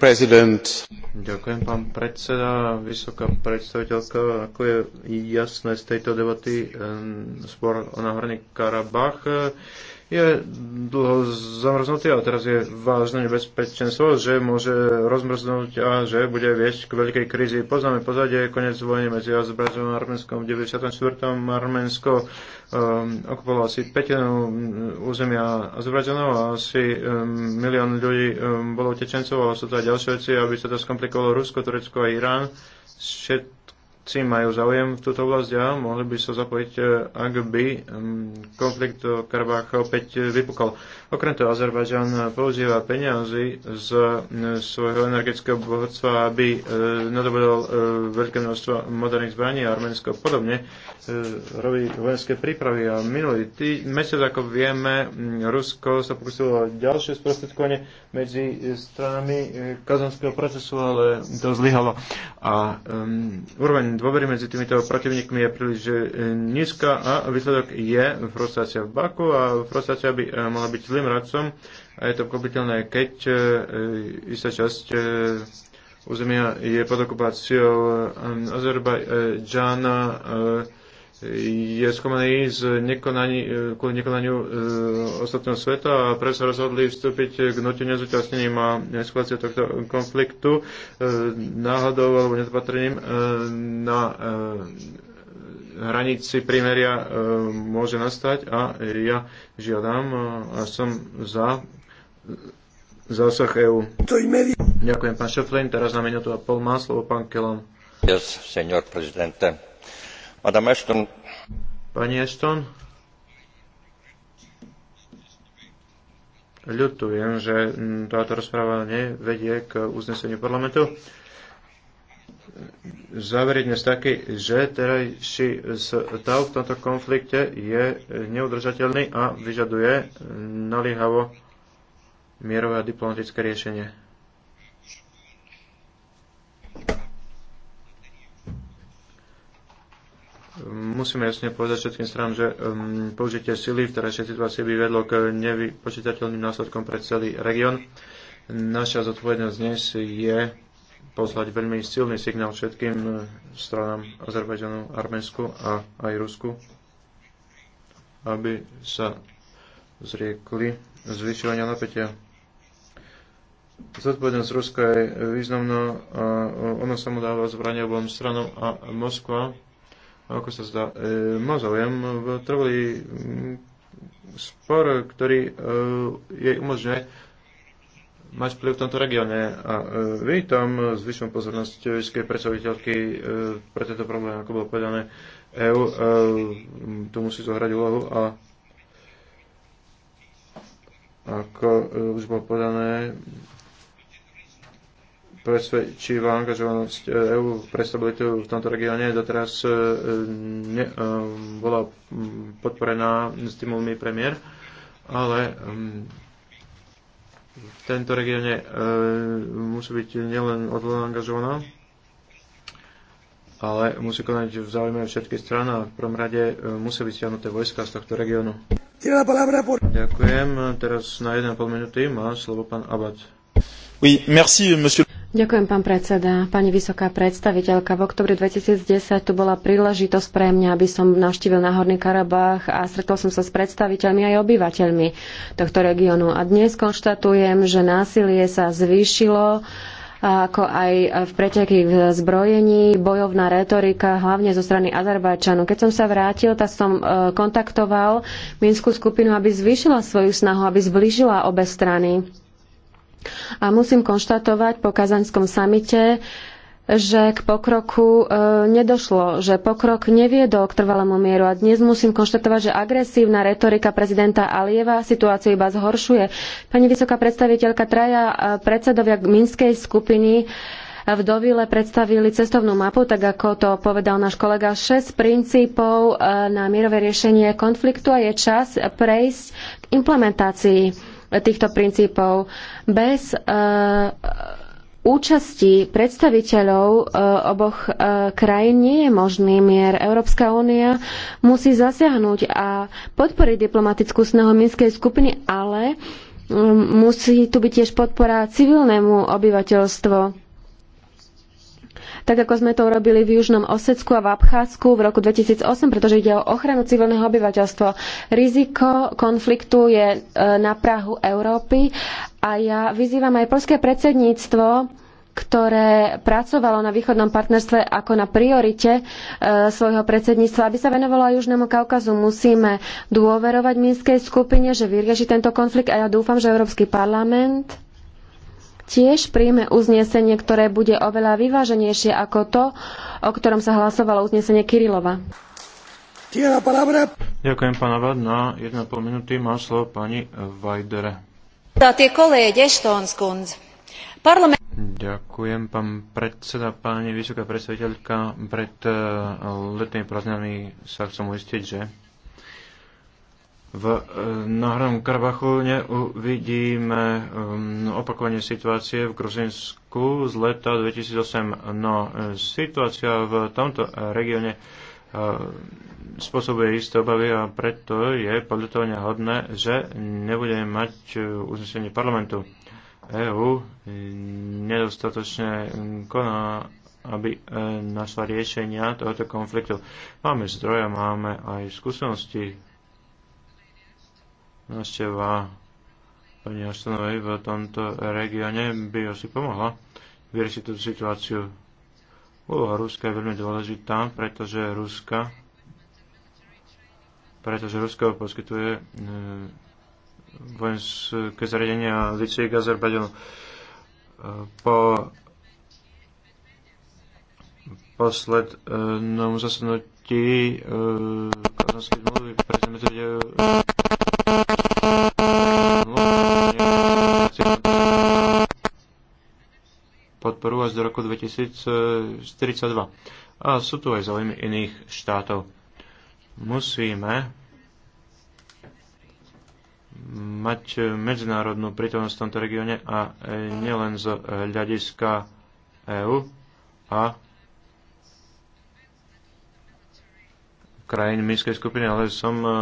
Ďakujem, pán predseda, vysoká predstaviteľka. Ako je jasné z tejto debaty, ehm, spor o Nahorný Karabach je dlho zamrznutý a teraz je vážne nebezpečenstvo, že môže rozmrznúť a že bude viesť k veľkej krízi. Poznáme pozadie koniec vojny medzi Azerbajdžanom a Arménskom v 94. Arménsko um, okupovalo asi petinu mm, územia Azerbajdžanov a asi um, milión ľudí um, bolo utečencov, ale sú to aj ďalšie veci, aby sa to skomplikovalo Rusko, Turecko a Irán. Všet si majú záujem v túto oblasť a mohli by sa zapojiť, e, ak by konflikt o Karabách opäť e, vypukal. Okrem toho, Azerbajdžan používa peniazy z svojho energetického bohatstva, aby e, nadobudol veľké množstvo moderných zbraní a Arménsko podobne robí vojenské prípravy a minulý tý, mesiac, ako vieme, Rusko sa pokusilo ďalšie sprostredkovanie medzi stranami kazanského procesu, ale to zlyhalo. A um, úroveň dôvery medzi týmito protivníkmi je príliš e, nízka a výsledok je frustrácia v Baku a frustrácia by e, mala byť zlým radcom a je to pochopiteľné, keď e, istá časť územia je pod okupáciou Azerbajdžána je skomený z nekonaní, kvôli nekonaniu e, ostatného sveta a preto sa rozhodli vstúpiť k nuteniu nezúčastnením a eskaláciu tohto konfliktu e, náhodou alebo nedopatrením e, na e, hranici primeria e, môže nastať a ja žiadam a som za zásah EU. Ďakujem, pán Šeflin. Teraz na minútu a pol má slovo pán Kelon. Yes, señor presidente. Ashton. Pani Ashton, ľutujem, že mm, táto rozpráva nevedie k uzneseniu parlamentu. Záver je dnes taký, že terajší stav v tomto konflikte je neudržateľný a vyžaduje naliehavo mierové a diplomatické riešenie. musíme jasne povedať všetkým stranám, že um, použitie sily v terajšej situácii by vedlo k nevypočítateľným následkom pre celý región. Naša zodpovednosť dnes je poslať veľmi silný signál všetkým uh, stranám Azerbajdžanu, Arménsku a aj Rusku, aby sa zriekli zvyšovania napätia. Zodpovednosť Ruska je významná a ono sa mu dáva zbrania obom stranom a Moskva ako sa zdá, e, mozolem v trvalý spor, ktorý e, jej umožňuje mať vplyv v tomto regióne. A e, vítam vyššou pozornosť vysokej predstaviteľky e, pre tento problém, ako bolo povedané, EU e, tu musí zohrať úlohu a ako e, už bolo povedané, presvedčivá angažovanosť EÚ e pre stabilitu v tomto regióne doteraz e, e, ne, bola podporená stimulmi premiér, ale v tento regióne musí byť nielen odvolená angažovaná, ale musí konať v záujme všetky strany a v prvom rade musia byť stiahnuté vojska z tohto regiónu. Ďakujem. Teraz na 1,5 minúty má slovo pán Abad. Oui, merci, monsieur. Ďakujem, pán predseda. Pani vysoká predstaviteľka, v oktobri 2010 tu bola príležitosť pre mňa, aby som navštívil Náhorný Karabach a stretol som sa s predstaviteľmi aj obyvateľmi tohto regiónu. A dnes konštatujem, že násilie sa zvýšilo ako aj v preteky v zbrojení, bojovná retorika, hlavne zo strany Azerbajčanu. Keď som sa vrátil, tak som e, kontaktoval Minskú skupinu, aby zvýšila svoju snahu, aby zblížila obe strany a musím konštatovať po kazanskom samite, že k pokroku e, nedošlo, že pokrok neviedol k trvalému mieru. A dnes musím konštatovať, že agresívna retorika prezidenta Alieva situáciu iba zhoršuje. Pani vysoká predstaviteľka, traja e, predsedovia Minskej skupiny e, v Dovile predstavili cestovnú mapu, tak ako to povedal náš kolega, 6 princípov e, na mierové riešenie konfliktu a je čas prejsť k implementácii týchto princípov. Bez eh, účasti predstaviteľov eh, oboch eh, krajín nie je možný mier. Európska únia musí zasiahnuť a podporiť diplomatickú snahu Minskej skupiny, ale mm, musí tu byť tiež podpora civilnému obyvateľstvu tak ako sme to urobili v Južnom Osecku a v Abcházsku v roku 2008, pretože ide o ochranu civilného obyvateľstva. Riziko konfliktu je e, na Prahu Európy a ja vyzývam aj polské predsedníctvo, ktoré pracovalo na východnom partnerstve ako na priorite e, svojho predsedníctva, aby sa venovalo aj Južnému Kaukazu. Musíme dôverovať Minskej skupine, že vyrieši tento konflikt a ja dúfam, že Európsky parlament tiež príjme uznesenie, ktoré bude oveľa vyváženejšie ako to, o ktorom sa hlasovalo uznesenie Kirilova. Ďakujem, pán Abad. Na 1,5 minúty má slovo pani Vajdere. Ďakujem, pán predseda, pani vysoká predstaviteľka. Pred eh, letnými prázdninami sa chcem uistiť, že v e, Náhrom Karabachu neuvidíme um, opakovanie situácie v Gruzinsku z leta 2008. No, e, situácia v tomto regióne e, spôsobuje isté obavy a preto je podľutovania hodné, že nebudeme mať uznesenie parlamentu. EÚ nedostatočne koná aby našla riešenia tohoto konfliktu. Máme zdroje, máme aj skúsenosti návšteva pani Aštanovej v tomto regióne by asi pomohla vyriešiť túto situáciu. Úloha Ruska je veľmi dôležitá, pretože Ruska pretože Rusko poskytuje e, vojenské zariadenia a výcvik Azerbaidžanu. E, po poslednom zasadnutí e, Kazanskej zmluvy prezident e, podporu až do roku 2042. A sú tu aj záujmy iných štátov. Musíme mať medzinárodnú prítomnosť v tomto regióne a nielen z hľadiska EÚ a krajín Minskej skupiny, ale som eh,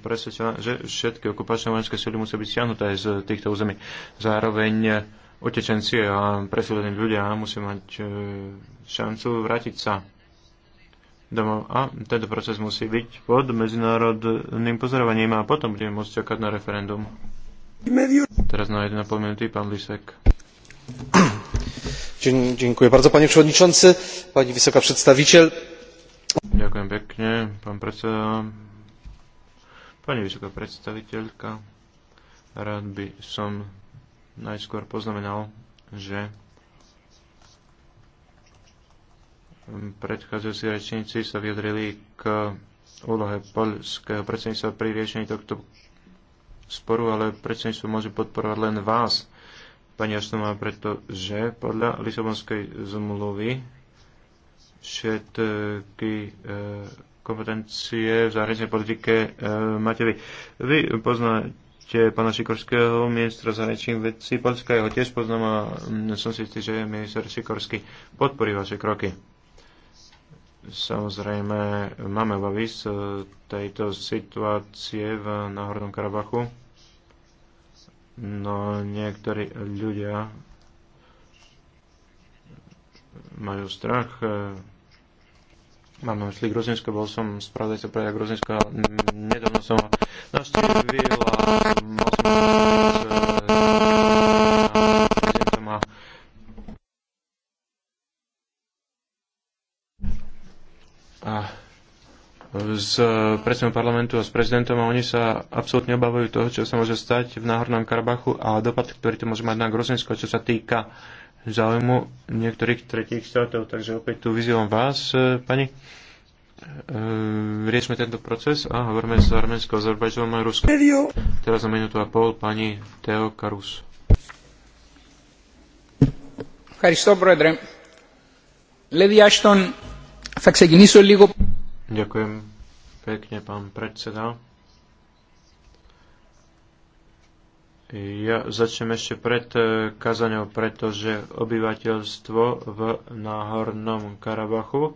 presvedčená, že všetky okupačné vojenské sily musia byť stiahnuté z týchto území. Zároveň eh, utečenci a presídlení ľudia musí mať e, šancu vrátiť sa domov. A tento proces musí byť pod medzinárodným pozorovaním a potom budeme môcť čakať na referendum. Teraz na 1,5 minúty pán Lisek. Dziękuję bardzo panie przewodniczący, pani wysoka przedstawiciel. Ďakujem pekne, pán predseda. Pani vysoká predstaviteľka, rád by som najskôr poznamenal, že predchádzajúci rečníci sa vyjadrili k úlohe poľského predsedníctva pri riešení tohto sporu, ale predsedníctvo môže podporovať len vás, pani Aštonová, pretože podľa Lisabonskej zmluvy všetky eh, kompetencie v zahraničnej politike eh, máte vy. Vy poznáte ste pána Sikorského, ministra zahraničných vecí Polska, jeho tiež poznám a mm, som si istý, že minister Sikorský podporí vaše kroky. Samozrejme, máme obavy z e, tejto situácie v Náhornom Karabachu, no niektorí ľudia majú strach, e, Mám na mysli Grozinsko, bol som sa pre Grozinsko a nedávno som ho navštívil a mal som a a s predsedom parlamentu a s prezidentom a oni sa absolútne obávajú toho, čo sa môže stať v Náhornom Karabachu a dopad, ktorý to môže mať na Grozinsko, čo sa týka uh, záujmu niektorých tretích štátov. Takže opäť tu vyzývam vás, e, pani, e, riešme tento proces a hovoríme s Arménskou, Azerbajdžanom a Ruskom. Teraz na minútu a pol pani Teo Karus. Ďakujem pekne, pán predseda. Ja začnem ešte pred e, kazaňou, pretože obyvateľstvo v Náhornom Karabachu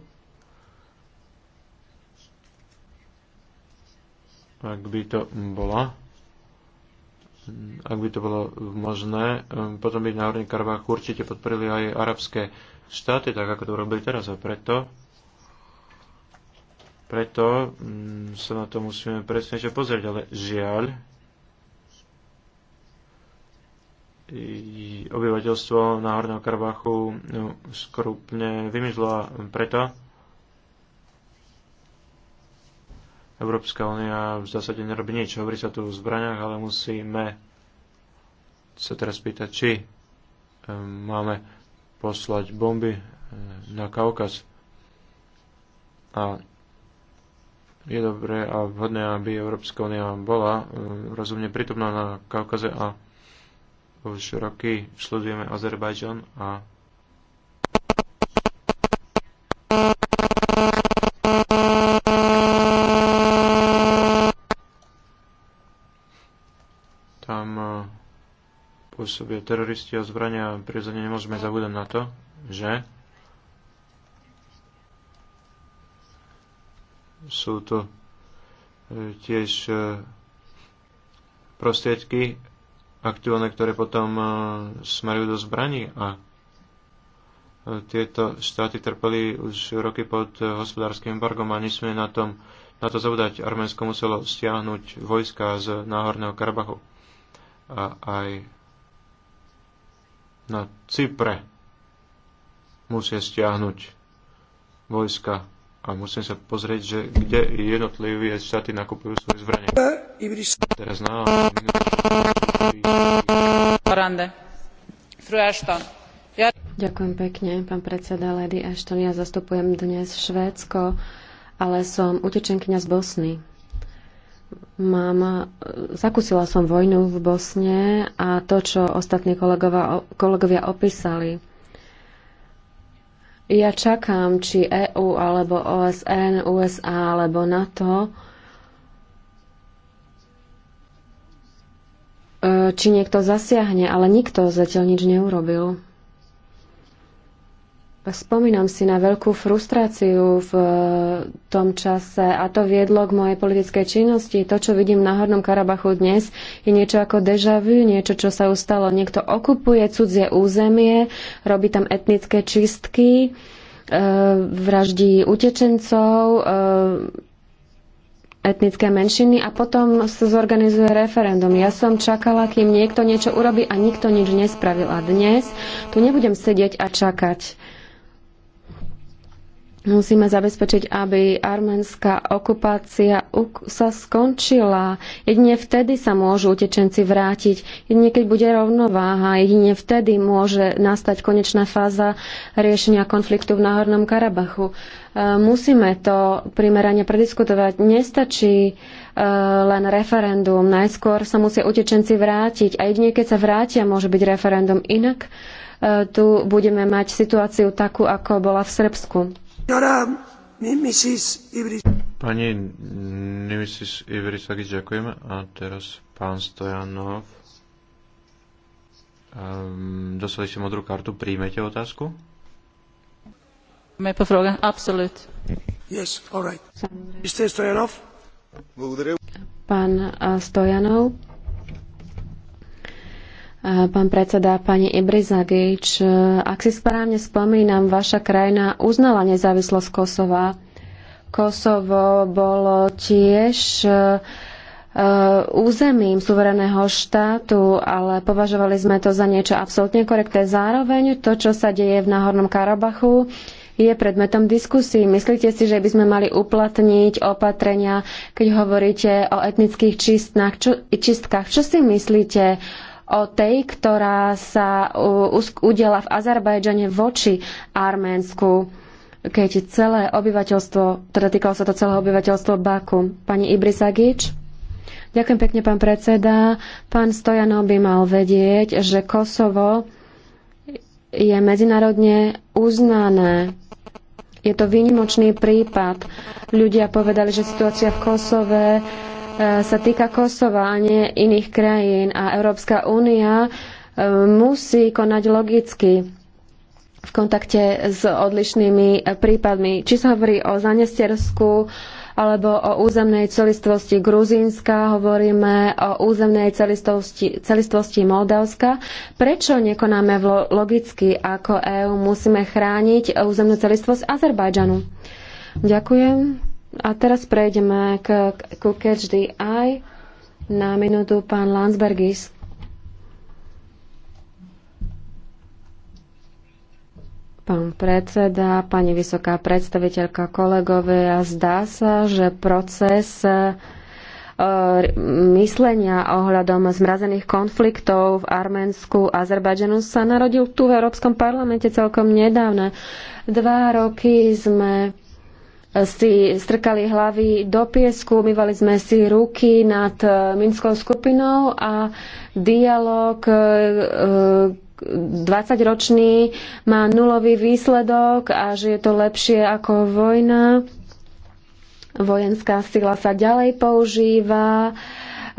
ak by to bola ak by to bolo možné, e, potom by Náhorný Karabach určite podporili aj arabské štáty, tak ako to robili teraz a preto preto mm, sa na to musíme presne pozrieť, ale žiaľ, obyvateľstvo Náhorného Karabachu no, skrupne vymizlo a preto Európska únia v zásade nerobí nič. Hovorí sa tu o zbraniach, ale musíme sa teraz pýtať, či e, máme poslať bomby e, na Kaukaz. A je dobré a vhodné, aby Európska únia bola e, rozumne prítomná na Kaukaze a už roky sledujeme Azerbajdžan a tam eh, pôsobia teroristi a zbrania. a Prirodzene nemôžeme zabúdať na to, že sú to eh, tiež eh, prostriedky aktuálne, ktoré potom e, smerujú do zbraní a e, tieto štáty trpeli už roky pod e, hospodárskym embargom a nesmie na, tom, na to zavodať. Arménsko muselo stiahnuť vojska z Náhorného Karabachu a aj na Cypre musia stiahnuť vojska a musím sa pozrieť, že kde jednotlivé štáty nakupujú svoje zbranie. Teraz na Ďakujem pekne, pán predseda Lady Ashton. Ja zastupujem dnes Švédsko, ale som utečenkňa z Bosny. Mám, e, zakusila som vojnu v Bosne a to, čo ostatní kolegovia opísali, ja čakám, či EU alebo OSN, USA alebo NATO, e, či niekto zasiahne, ale nikto zatiaľ nič neurobil. Spomínam si na veľkú frustráciu v eh, tom čase a to viedlo k mojej politickej činnosti. To, čo vidím na Hornom Karabachu dnes, je niečo ako deja vu, niečo, čo sa ustalo. Niekto okupuje cudzie územie, robí tam etnické čistky, eh, vraždí utečencov, eh, etnické menšiny a potom sa zorganizuje referendum. Ja som čakala, kým niekto niečo urobí a nikto nič nespravil. A dnes tu nebudem sedieť a čakať Musíme zabezpečiť, aby arménska okupácia sa skončila. Jedine vtedy sa môžu utečenci vrátiť. Jedine keď bude rovnováha, jedine vtedy môže nastať konečná fáza riešenia konfliktu v Náhornom Karabachu. E, musíme to primerane prediskutovať. Nestačí e, len referendum. Najskôr sa musia utečenci vrátiť a jedine keď sa vrátia, môže byť referendum. Inak e, tu budeme mať situáciu takú, ako bola v Srbsku. Pani Nimisis Ibrisagič, ďakujem. A teraz pán Stojanov. Um, dostali ste modrú kartu, príjmete otázku? Yes, all right. Mr. Stojanov? Pán Stojanov, Pán predseda, pani Ibrizagič, ak si správne spomínam, vaša krajina uznala nezávislosť Kosova. Kosovo bolo tiež e, e, územím suvereného štátu, ale považovali sme to za niečo absolútne korektné. Zároveň to, čo sa deje v Náhornom Karabachu, je predmetom diskusí. Myslíte si, že by sme mali uplatniť opatrenia, keď hovoríte o etnických čistkách? Čo, čistkách? čo si myslíte? o tej, ktorá sa udela v Azerbajdžane voči Arménsku, keď celé obyvateľstvo, teda týkalo sa to celého obyvateľstva Baku. Pani Ibrisagič? Ďakujem pekne, pán predseda. Pán Stojanov by mal vedieť, že Kosovo je medzinárodne uznané je to výnimočný prípad. Ľudia povedali, že situácia v Kosove E, sa týka Kosova a nie iných krajín a Európska únia e, musí konať logicky v kontakte s odlišnými prípadmi. Či sa hovorí o Zanestersku, alebo o územnej celistvosti Gruzínska, hovoríme o územnej celistvosti, celistvosti Moldavska. Prečo nekonáme logicky ako EÚ? Musíme chrániť územnú celistvosť Azerbajdžanu. Ďakujem. A teraz prejdeme k, Catch the Eye. Na minútu pán Landsbergis. Pán predseda, pani vysoká predstaviteľka, kolegovia, zdá sa, že proces e, myslenia ohľadom zmrazených konfliktov v Arménsku a Azerbajdžanu sa narodil tu v Európskom parlamente celkom nedávne. Dva roky sme si strkali hlavy do piesku, umývali sme si ruky nad e, Minskou skupinou a dialog 20-ročný e, e, má nulový výsledok a že je to lepšie ako vojna. Vojenská sila sa ďalej používa. Uh,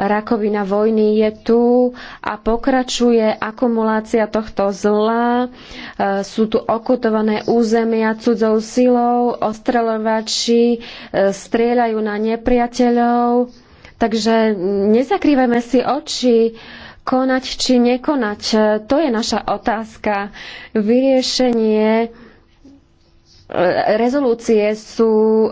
Rakovina vojny je tu a pokračuje akumulácia tohto zla. E, sú tu okutované územia cudzou silou, ostreľovači e, strieľajú na nepriateľov. Takže nezakrývame si oči konať či nekonať. E, to je naša otázka. Vyriešenie rezolúcie sú e,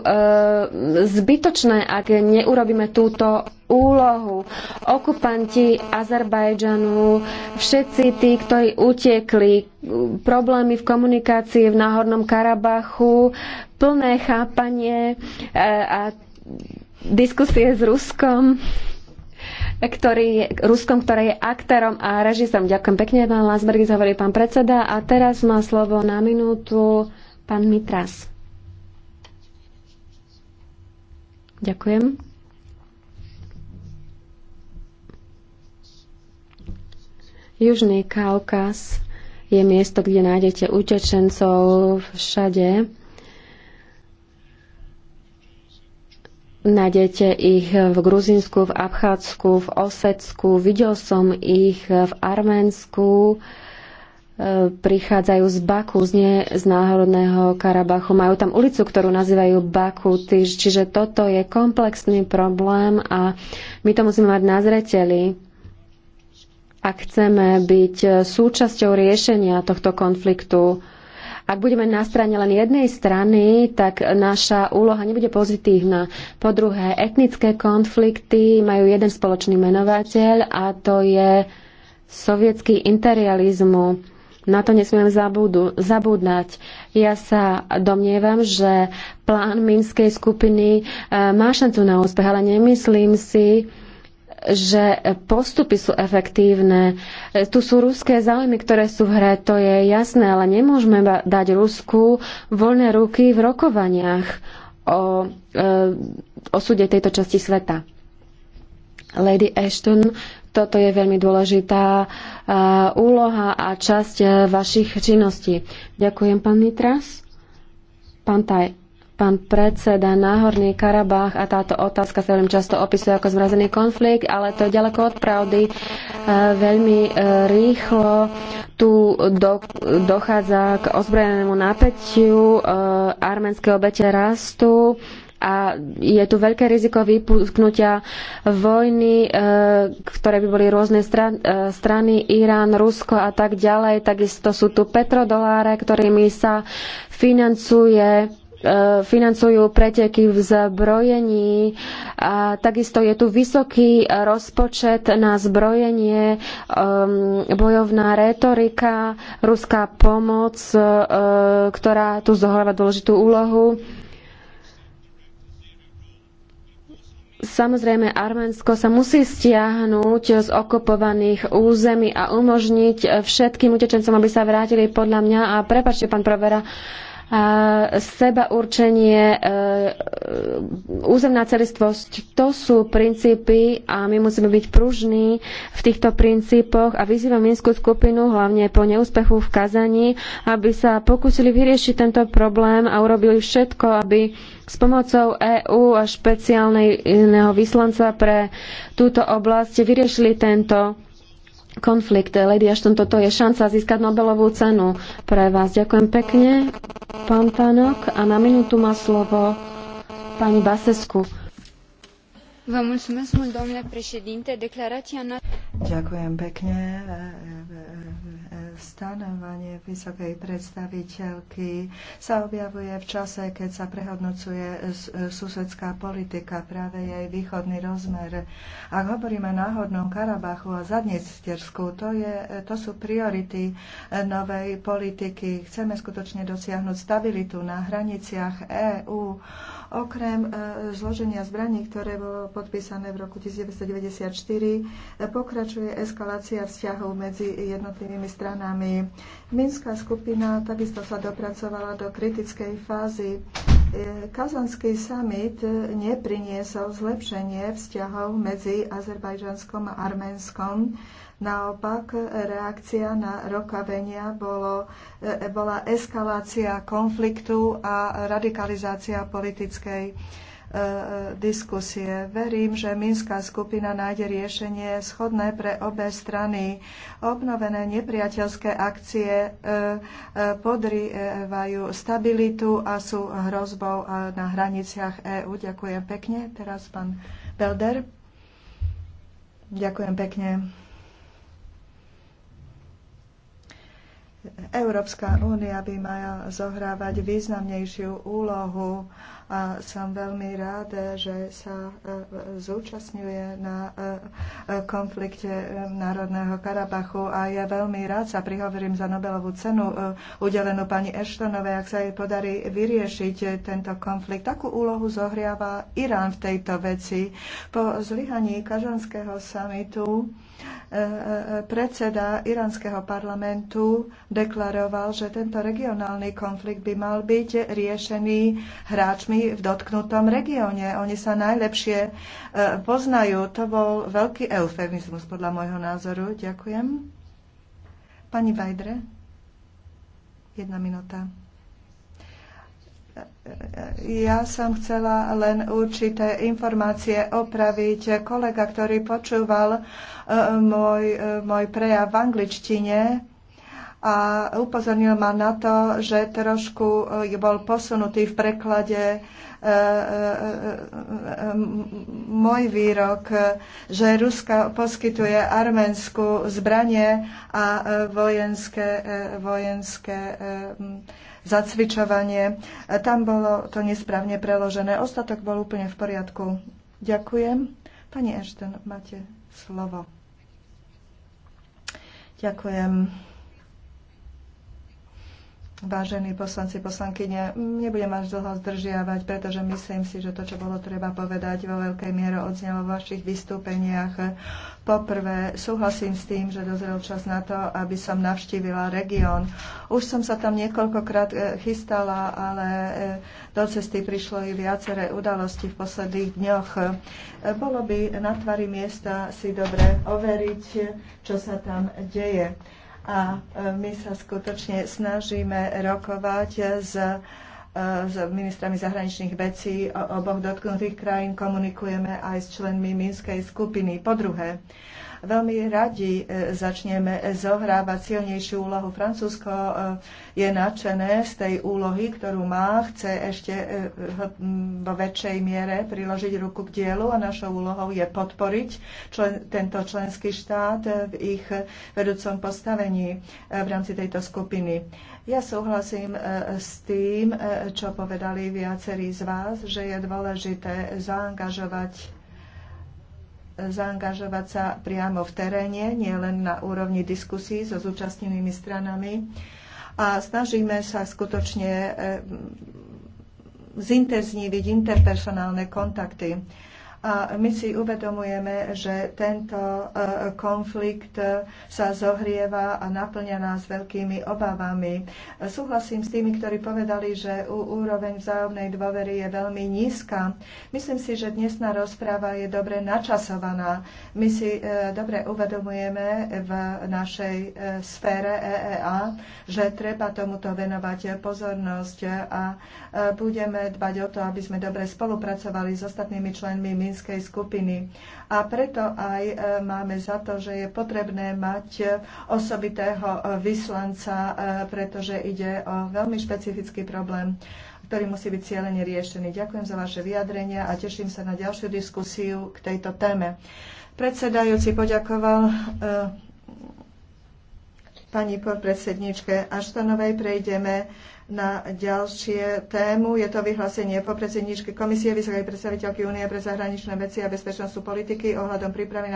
zbytočné, ak neurobíme túto úlohu. Okupanti Azerbajdžanu, všetci tí, ktorí utekli, problémy v komunikácii v Náhornom Karabachu, plné chápanie e, a diskusie s Ruskom, ktorý, je Ruskom, ktoré je aktérom a režisérom. Ďakujem pekne, pán Lasbergis, hovorí pán predseda. A teraz má slovo na minútu Pán Mitras. Ďakujem. Južný Kaukaz je miesto, kde nájdete utečencov všade. Nájdete ich v Gruzinsku, v Abchádsku, v Osecku. Videl som ich v Arménsku prichádzajú z Baku, z, nie, z náhodného Karabachu. Majú tam ulicu, ktorú nazývajú Baku. Čiže toto je komplexný problém a my to musíme mať na zreteli, ak chceme byť súčasťou riešenia tohto konfliktu. Ak budeme na strane len jednej strany, tak naša úloha nebude pozitívna. Po druhé, etnické konflikty majú jeden spoločný menovateľ a to je sovietský imperializmus na to nesmiem zabúdu, zabúdať. Ja sa domnievam, že plán Minskej skupiny e, má šancu na úspech, ale nemyslím si, že postupy sú efektívne. E, tu sú ruské záujmy, ktoré sú v hre, to je jasné, ale nemôžeme dať Rusku voľné ruky v rokovaniach o e, o súde tejto časti sveta. Lady Ashton, toto je veľmi dôležitá úloha a časť e, vašich činností. Ďakujem, pán Nitras. Pán Taj, pán predseda, Náhorný Karabách a táto otázka sa veľmi často opisuje ako zmrazený konflikt, ale to je ďaleko od pravdy. E, veľmi e, rýchlo tu dochádza k ozbrojenému napätiu. Arménske obete rastú a je tu veľké riziko vypuknutia vojny, e, ktoré by boli rôzne e, strany, Irán, Rusko a tak ďalej. Takisto sú tu petrodoláre, ktorými sa financuje e, financujú preteky v zbrojení. A takisto je tu vysoký rozpočet na zbrojenie, bojovná retorika, ruská pomoc, ktorá tu zohráva dôležitú úlohu Samozrejme, Arménsko sa musí stiahnuť z okupovaných území a umožniť všetkým utečencom, aby sa vrátili podľa mňa. A prepačte, pán Provera, seba určenie, e, územná celistvosť, to sú princípy a my musíme byť pružní v týchto princípoch a vyzývam Minskú skupinu, hlavne po neúspechu v Kazani, aby sa pokúsili vyriešiť tento problém a urobili všetko, aby s pomocou EÚ a špeciálneho vyslanca pre túto oblasť vyriešili tento konflikt. Lady Ashton, toto je šanca získať Nobelovú cenu pre vás. Ďakujem pekne, pán Tanok. A na minútu má slovo pani Basescu. Ďakujem pekne stanovanie vysokej predstaviteľky sa objavuje v čase, keď sa prehodnocuje susedská politika, práve jej východný rozmer. Ak hovoríme o náhodnom Karabachu a Zadnictiersku, to, je, to sú priority novej politiky. Chceme skutočne dosiahnuť stabilitu na hraniciach EÚ Okrem e, zloženia zbraní, ktoré bolo podpísané v roku 1994, e, pokračuje eskalácia vzťahov medzi jednotlivými stranami. Minská skupina takisto sa dopracovala do kritickej fázy. E, Kazanský summit nepriniesol zlepšenie vzťahov medzi Azerbajdžanskom a Arménskom Naopak reakcia na rokavenia bolo, e, bola eskalácia konfliktu a radikalizácia politickej e, diskusie. Verím, že Minská skupina nájde riešenie schodné pre obe strany. Obnovené nepriateľské akcie e, podrývajú stabilitu a sú hrozbou na hraniciach EÚ. Ďakujem pekne. Teraz pán Belder. Ďakujem pekne. Európska únia by mala zohrávať významnejšiu úlohu a som veľmi ráda, že sa e, zúčastňuje na e, e, konflikte Národného Karabachu a ja veľmi rád sa prihovorím za Nobelovú cenu udelenú pani Eštonovej, ak sa jej podarí vyriešiť tento konflikt. Takú úlohu zohriava Irán v tejto veci. Po zlyhaní kažanského samitu predseda iránskeho parlamentu deklaroval, že tento regionálny konflikt by mal byť riešený hráčmi v dotknutom regióne. Oni sa najlepšie e, poznajú. To bol veľký eufemizmus podľa môjho názoru. Ďakujem. Pani Vajdre, jedna minúta. Ja som chcela len určité informácie opraviť. Kolega, ktorý počúval e, môj, e, môj prejav v angličtine, a upozornil ma na to, že trošku eh, bol posunutý v preklade eh, eh, môj výrok, že Ruska poskytuje Arménsku zbranie a vojenské, vojenské zacvičovanie. Tam bolo to nesprávne preložené. Ostatok bol úplne v poriadku. Ďakujem. Pani Ešten, máte slovo. Ďakujem. Vážení poslanci, poslankyne, nebudem vás dlho zdržiavať, pretože myslím si, že to, čo bolo treba povedať, vo veľkej miere odznelo v vašich vystúpeniach. Poprvé, súhlasím s tým, že dozrel čas na to, aby som navštívila región. Už som sa tam niekoľkokrát eh, chystala, ale eh, do cesty prišlo i viaceré udalosti v posledných dňoch. Eh, bolo by na tvary miesta si dobre overiť, čo sa tam deje a e, my sa skutočne snažíme rokovať s, e, s ministrami zahraničných vecí oboch dotknutých krajín, komunikujeme aj s členmi Minskej skupiny. Po druhé, Veľmi radi e, začneme zohrávať silnejšiu úlohu. Francúzsko e, je nadšené z tej úlohy, ktorú má, chce ešte e, vo väčšej miere priložiť ruku k dielu a našou úlohou je podporiť člen, tento členský štát v ich vedúcom postavení v rámci tejto skupiny. Ja súhlasím s tým, čo povedali viacerí z vás, že je dôležité zaangažovať zaangažovať sa priamo v teréne, nielen na úrovni diskusí so zúčastnenými stranami. A snažíme sa skutočne eh, zintenzíviť interpersonálne kontakty a my si uvedomujeme, že tento e, konflikt e, sa zohrieva a naplňa nás veľkými obavami. E, súhlasím s tými, ktorí povedali, že úroveň vzájomnej dôvery je veľmi nízka. Myslím si, že dnesná rozpráva je dobre načasovaná. My si dobre uvedomujeme v našej sfére EEA, že treba tomuto venovať pozornosť a budeme dbať o to, aby sme dobre spolupracovali s ostatnými členmi Minskej skupiny. A preto aj e, máme za to, že je potrebné mať osobitého e, vyslanca, e, pretože ide o veľmi špecifický problém ktorý musí byť cieľene riešený. Ďakujem za vaše vyjadrenia a teším sa na ďalšiu diskusiu k tejto téme. Predsedajúci poďakoval pani podpredsedničke Aštanovej. Prejdeme na ďalšie tému. Je to vyhlásenie po predsedničke Komisie Vysokej predstaviteľky Únie pre zahraničné veci a bezpečnostnú politiky ohľadom prípravy na